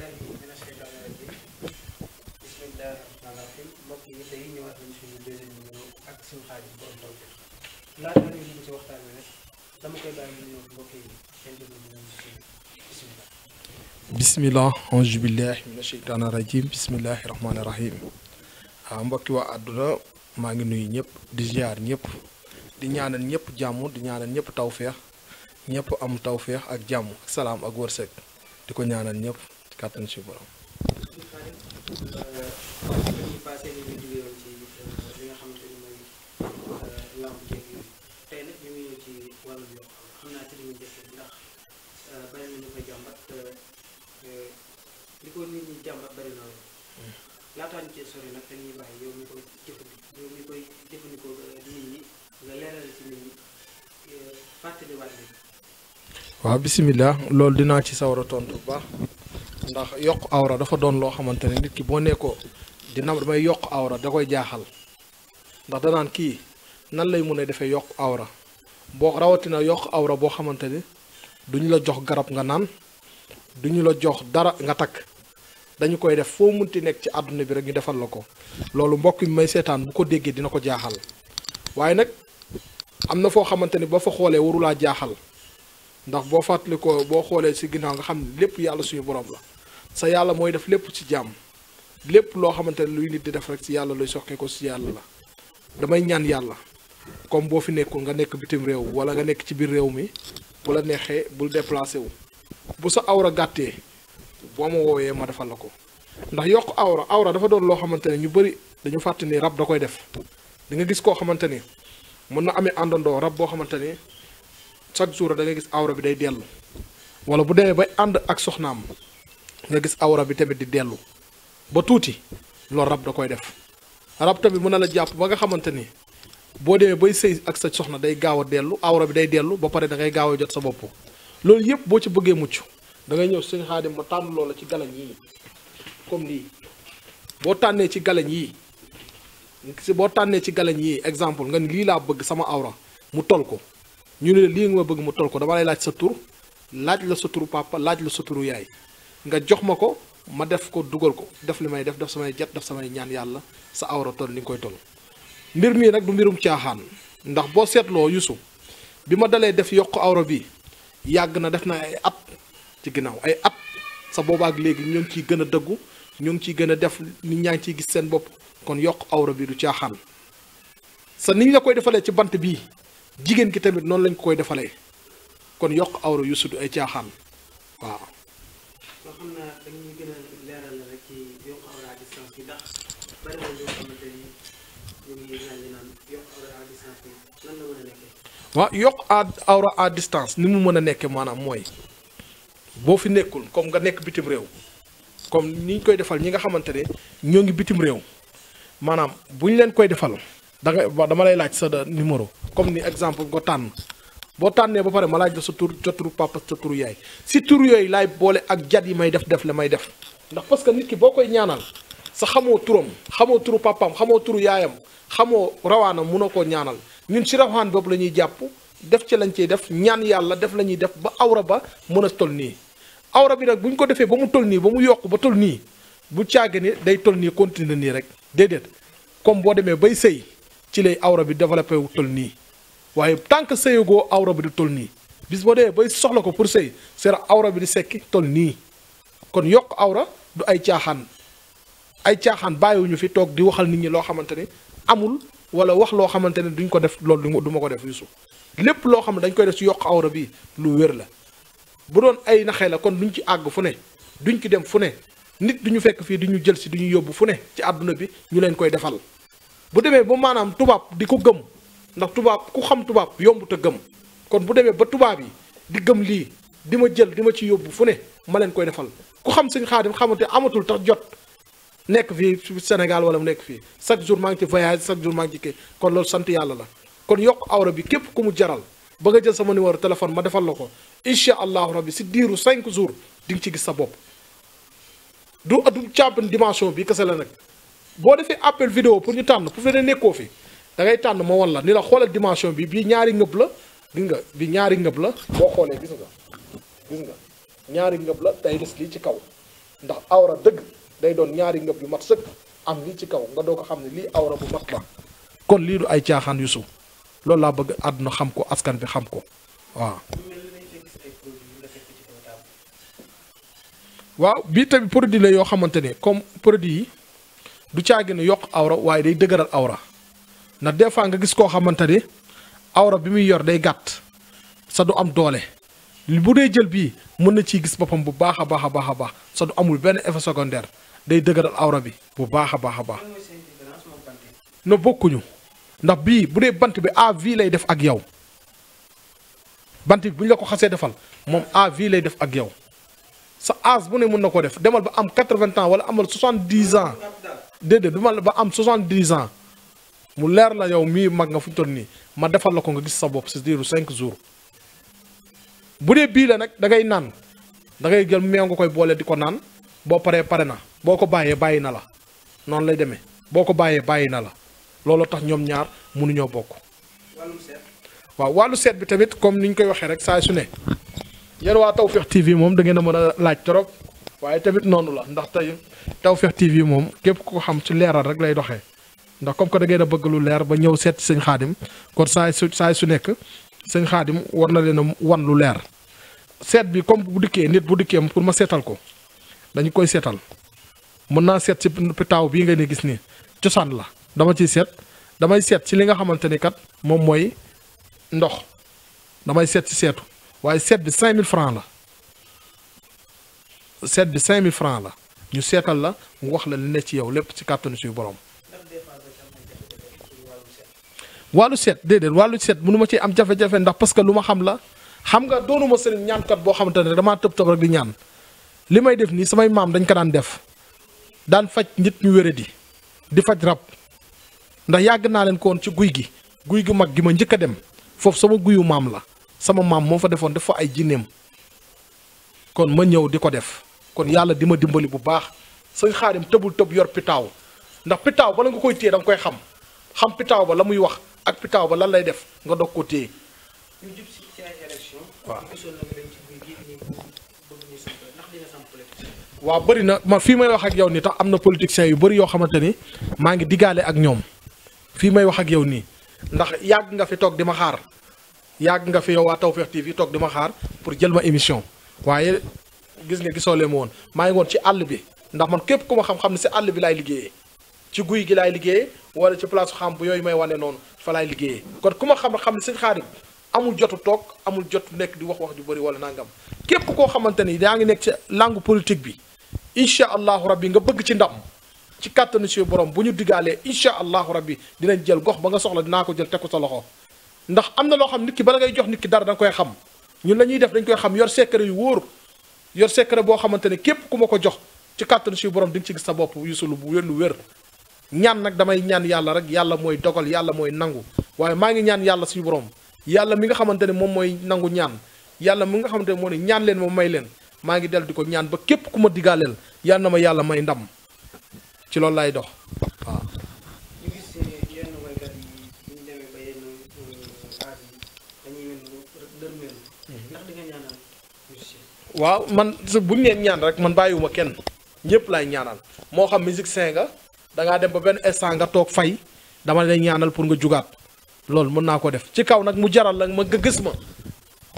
billahi mina bismillah bismillah auzu billahi mina sheytaani bismillahi rahmaani rahim waaw ah, mbokki waa àdduna maa ngi nuyu ñëpp di ziar ñëpp di ñaanal ñëpp jàmm di ñaanal ñëpp tawféex ñëpp am tawféex ak jàmm salaam ak wërsëg di ko ñaanal ñëpp kàttan si borom. li ko nit ñi jàmbat bari na lool laataan cee sori nag dañuy bàyyi yow mi koy jëfandikoo yow mi koy jëfandikoo nit ñi nga leeral ci nit ñi fàttaliwaat waaw bisimilah loolu dinaa ci sawara a tontu bu baax ndax yokk awra dafa doon loo xamante ne nit ki boo nekkoo dina damay yokk awra da koy jaaxal ndax danaan kii nan lay mën a defee yokk awra boo rawatina yokk awra boo xamante ni duñu la jox garab nga naan duñu la jox dara nga takk dañu koy def foo mun ti nekk ci àdduna bi rek ñu defal la ko loolu mbokk mi may seetaan bu ko déggee dina ko jaaxal waaye nag am na foo xamante ni boo fa xoolee warulaa jaaxal ndax boo fàttalikoo boo xoolee si ginnaaw nga xam ne lépp yàlla suñu borom la sa yàlla mooy def lépp ci jàmm lépp loo xamante ne luy nit di def rek ci yàlla luy soqee ko ci yàlla la damay ñaan yàlla comme boo fi nekkul nga nekk bitim réew wala nga nekk ci biir réew mi bu la neexee bul déplacé wu bu sa awra gàttee boo ma woowee ma defal la ko ndax yokk awra awra dafa doon loo xamante ne ñu bëri dañu fàtte ni rab da koy def da nga gis koo xamante ni mën na amee àndandoo rab boo xamante ni chaque jour da nga gis awra bi day dellu wala bu demee bay ànd ak soxnaam nga gis awra bi tamit di dellu ba tuuti loolu rab da koy def rab tamit mën na la jàpp ba nga xamante ni boo demee bay sëy ak sa soxna day gaaw a dellu awra bi day dellu ba pare da gaaw a jot sa bopp loolu yëpp boo ci bëggee mucc dangay ngay ñëw sëñ xaadim ma tànn loola ci galañ yii nii boo tànnee ci galañ yii si boo tànnee ci galañ yi exemple nga ni lii laa bëgg sama awra mu tol ko ñu ne lii nga ma bëgg mu tol ko dama lay laaj sa tur laaj la sa turu papa laaj la sa turu yaay nga jox ma ko ma def ko dugal ko def li may def def samay jet def samay ñaan yàlla sa awra toll ni nga koy toll mbir mii nag du mbirum caaxaan ndax boo seetloo Youssouf bi ma dalee def yokk awra bi yàgg na def na ay at ci ginnaaw ay at sa boobaak léegi ñoo ngi ciy gën a dëggu ñoo ngi ciy gën a def nit ñaa ngi ciy gis seen bopp kon yokk awra bi du caaxaan sa niñ la koy defalee ci bant bii jigéen ki tamit noonu lañ ko koy defalee kon yokk awra Youssouf du ay caaxaan waaw loo xam yokk awra à distance na ñoo xamante ni yokk awra à distance ni mu mën a nekkee maanaam mooy boo fi nekkul comme nga nekk bitim réew comme ni ñu koy defal ñi nga xamante ne ñoo ngi bitim réew maanaam bu ñu leen koy defal da nga dama lay laaj sa numéro comme ni exemple nga tànn. boo tànnee ba pare ma laaj la sa tur sa turu papa sa turu yaay si tur yooyu laay boole ak jat yi may def def la may def ndax parce que nit ki boo koy ñaanal sa xamoo turam xamoo turu papaam xamoo turu yaayam xamoo rawaanam munoo koo ñaanal ñun si rawaan boobu la ñuy jàpp def ci lañ ciy def ñaan yàlla def la ñuy def ba awra ba mën a toll nii awra bi nag bu ñu ko defee ba mu toll nii ba mu yokk ba tol nii bu caage ni day toll nii continuer nii rek déedéet comme boo demee bay sëy ci lay awra bi développé wu tol nii waaye tant que sëyagoo awra bi di toll nii bis boo dee bay soxla ko pour sëy sera awra bi di sekki toll nii kon yokk awra du ay caaxaan ay caaxaan bàyyiwuñu fi toog di waxal nit ñi loo xamante ni amul wala wax loo xamante ne duñ ko def loolu du ma ko def Youssou lépp loo xam ne dañ koy def si yokk awra bi lu wér la bu doon ay naxee la kon duñ ci àgg fu ne duñ ci dem fu ne nit du ñu fekk fii du ñu jël si du ñu yóbbu fu ne ci àdduna bi ñu leen koy defal bu demee ba maanaam tubaab di ko gëm ndax tubaab ku xam tubaab yomb te gëm kon bu demee ba tubaab yi di gëm lii di ma jël di ma ci yóbbu fu ne ma leen koy defal ku xam sëñ xaadim xamante amatul tax jot nekk fii Sénégal wala mu nekk fii chaque jour maa ngi ci voyage chaque jour maa ngi kon loolu sant yàlla la kon yokk awra bi képp ku mu jaral ba nga jël sama numéro téléphone ma defal la ko incha allahu bi si diiru cinq jours di nga ci gis sa bopp du adum càmpan dimension bi kese la nag boo defee appel video pour ñu tànn pour fene nekkoo fi dangay tànn ma won la ni la xoolal dimension bi bii ñaari ngëb la gis nga bi ñaari ngëb la boo xoolee gis nga ñaari ngëb la day des lii ci kaw ndax awra dëgg day doon ñaari ngëb yu mat sëkk am lii ci kaw nga doo ko xam ne lii awra bu mat la kon lii du ay caaxaan yu suuf loolu laa bëgg àdduna xam ko askan bi xam ko waaw waaw bii tamit produit la yoo xamante ne comme produit yi du caagi ne yokk awra waaye day dëgëral awra ndax des fois nga gis koo xamante ni awra bi muy yor day gàtt sa du am doole bu dee jël bii mën na ciy gis boppam bu baax a baax a baax a baax sa du amul benn effet secondaire day dëgëral awra bi bu baax a baax a baax. no bokkuñu ndax bii bu dee bant bi à vie lay def ak yow bant bi bu ñu la ko xasee defal moom à vie lay def ak yow sa âge bu ne mën na ko def demal ba am quatre-vingts ans wala amal soixante-dix ans déedéet demal ba am soixante-dix ans. mu leer la yow mii mag nga fu ñu toll nii ma defal la ko nga gis sa bopp si diiru cinq jours bu dee bii la nag dangay naan da ngay jël meew nga koy boole di ko naan boo paree pare na boo ko bàyyee bàyyi na la noonu lay demee boo ko bàyyee bàyyi na la loolu tax ñoom ñaar mënuñoo bokk. waaw wàllu seet bi tamit comme ni ñu koy waxee rek saa su ne yéen waa Tawfekh TV moom da ngeen mën a laaj trop waaye tamit noonu la ndax taw Tawfekh TV moom képp ku xam ci leeral rek lay doxee. ndax comme ko da ngeen a bëgg lu leer ba ñëw seet si sëñ xaadim kon saay su saay su nekk sëñ xaadim war na leen a wan lu leer seet bi comme bu dikkee nit bu dikkee pour ma seetal ko dañu koy seetal mën naa seet ci taaw bii nga ne gis ni cosaan la dama ciy seet damay seet ci li nga xamante ni kat moom mooy ndox damay seet ci seetu waaye seet bi mille francs la seet bi 5000 francs la ñu seetal la mu wax la li ne ci yow lépp ci kàttanu suñu borom walu set dedet walu set munuma ci am jafé jafé ndax parce que luma xam la xam nga doonuma serigne ñaan kat bo xamantene dama top top rek di ñaan limay def ni samay mam dañ ko daan def daan fajj nit ñu wéré di di fajj rap ndax yag na len ko ci guuy gi guuy gu mag gi ma ñëk dem fofu sama guuyu mam la sama mam mo fa defon def ay jinnem kon ma ñew diko def kon yalla dima dimbali bu baax sëñ xaadim tebul top yor pitaw ndax pitaw la nga koy tiyé dang koy xam xam pitaw ba lamuy wax ak pitaaw ba lan lay def nga dog ko téye. waaw gisoon na ma fii may wax ak yow nii tax am na politiciens yu bari yoo xamante ni maa ngi digaale ak ñoom fii may wax ak yow nii ndax yàgg nga fi toog di ma xaar yàgg nga fi yow waa Tawfekh TV toog di ma xaar pour jël ma émission waaye gis nga gisoo leen ma maa ngi woon ci àll bi ndax man képp ku ma xam-xam ne si àll bi laay liggéeyee. ci guy gi laay liggéeyee wala ci place xam bu yooyu may wane noonu fa laay liggéeyee kon ku ma xam xam ne sëñ Xaadim amul jotu toog amul jotu nekk di wax wax ju bëri wala nangam képp koo xamante ni yaa ngi nekk ci langue politique bi incha allahu rabbi nga bëgg ci ndam ci kàttanu borom bu ñu digaalee incha allahu rabbi dinañ jël gox ba nga soxla dinaa ko jël teg ko loxo ndax am na loo xam nit ki bala ngay jox nit ki da nga koy xam ñun la ñuy def dañ koy xam yor secret yu wóor yor secret boo xamante ne képp ku ma ko jox ci kàttanu si borom di nga ci gis sa bopp yusu lu wér lu wér ñaan nak damay ñaan yalla rek yalla moy dogal yalla moy nangu waye ma ngi ñaan yalla suñu borom yalla mi nga xamantene mom moy nangu ñaan Yalla mi nga xamantene mo ni ñaan leen mo may leen ma ngi del diko ñaan ba kep kuma digalel yalla may ndam ci lay dox waaw euh, mhm. man buñu bu ñaan rek man bayiwuma kenn ñëpp lay ñaanal moo xam musique nga dangaa dem ba benn instant nga toog fay dama lay ñaanal pour nga jugaat loolu mën naa ko def ci kaw nag mu jaral la ma nga ma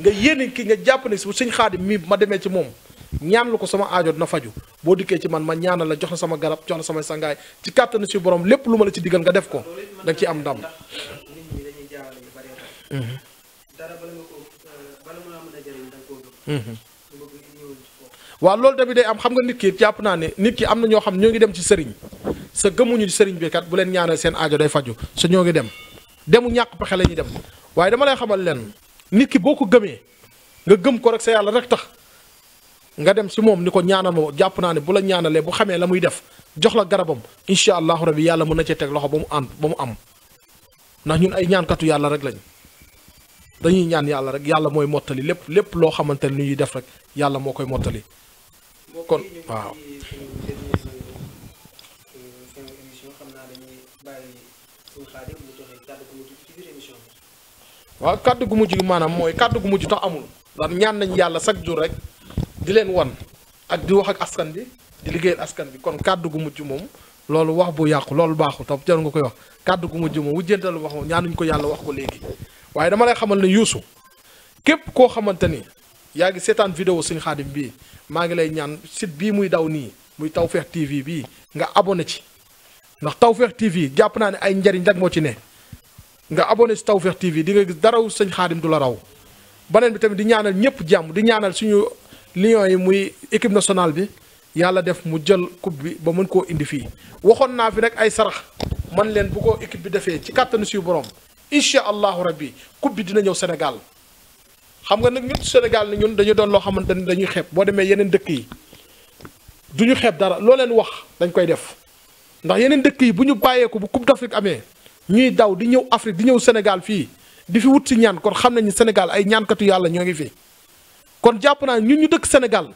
nga yéene ki nga jàpp ne suñ xaadim mi ma demee ci moom ñaan ko sama aajo dina faju boo dikkee ci man ma ñaanal la jox sama garab jox la samay ci kàttanu si borom lépp lu ma ci digal nga def ko da ciy am ndam. Mm-hmm. loolu tamit day am xam nga nit ki naa ne nit ki am na ñoo xam ñoo ngi dem ci sëriñ sa gëmuñu sëriñ bi kat bu leen ñaanal seen aajo day faju su ñoo ngi dem demu ñàkk pexe la ñuy dem waaye dama lay xamal leen nit ki boo ko gëmee nga gëm ko rek sa yàlla rek tax nga dem si moom ni ko ñaanal ma jàpp naa ne bu la ñaanalee bu xamee la muy def jox la garabam incha allahu rabi yàlla mën na cee teg loxo ba mu ànd ba mu am ndax ñun ay ñaankatu yàlla rek lañ dañuy ñaan yàlla rek yàlla mooy mottali lépp lépp loo xamante ni ñuy def rek yàlla moo koy mottali waaw kàddu gu mujj gi maanaam mooy kàddu gu mujj tax amul ndax ñaan nañ yàlla chaque jour rek di leen wan ak di wax ak askan bi di liggéeyal askan bi kon kàddu gu mujj moom loolu wax bu yàqu loolu baaxul tam jar nga koy wax kàddu gu mujj moom wujjantal wax moom ñaanuñ ko yàlla wax ko léegi waaye dama lay xamal na yuusu képp koo xamante ni yaa ngi seetaan vidéo Sëñ Xaadim bii maa ngi lay ñaan sit bii muy daw nii muy Tawfekh TV bii nga abonné ci ndax Tawfekh TV jàpp naa ne ay njariñ moo ci ne nga abonné si Tawfekh TV di nga gis daraw sëñ xaadim du la raw beneen bi tamit di ñaanal ñëpp jàmm di ñaanal suñu lions yi muy équipe nationale bi yàlla def mu jël coupe bi ba mën koo indi fii waxoon naa fi nag ay sarax man leen bu ko équipe bi defee ci kàttanu suñu borom incha allahu rabbi coupe bi dina ñëw Sénégal xam nga nag ñun Sénégal ni ñun dañu doon loo xamante ni dañuy xeeb boo demee yeneen dëkk yi duñu xeeb dara loo leen wax dañ koy def ndax yeneen dëkk yi bu ñu bàyyeeku bu coupe d'Afrique amee ñuy daw di ñëw Afrique di ñëw senegal fii di fi wut si ñaan kon xam nañu Sénégal ay ñaankatu yàlla ñoo ngi fii kon jàpp naa ñu ñu dëkk senegal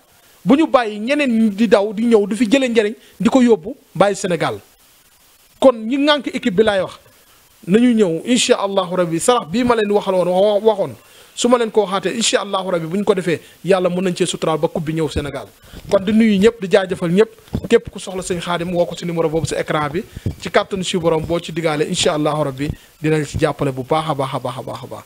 bu ñu bàyyi ñeneen di daw di ñëw di fi jëlee njariñ di ko yóbbu bàyyi Sénégal kon ñi ŋànk équipe bi laay wax nañu ñëw incha allahu rabi sarax bii ma leen waxal woon waxoon su ma leen ko waxaatee incha allahu rabi bu ñu ko defee yàlla mën nañ cee suturaal ba coupe bi ñëw Sénégal kon di nuyu ñëpp di jaajëfal ñëpp képp ku soxla sëñ xaadim woo ko si numéro boobu si écran bi ci kàttanu si borom boo ci digaale incha allahu rabi dinañ ci jàppale bu baax a a baax a baax a baax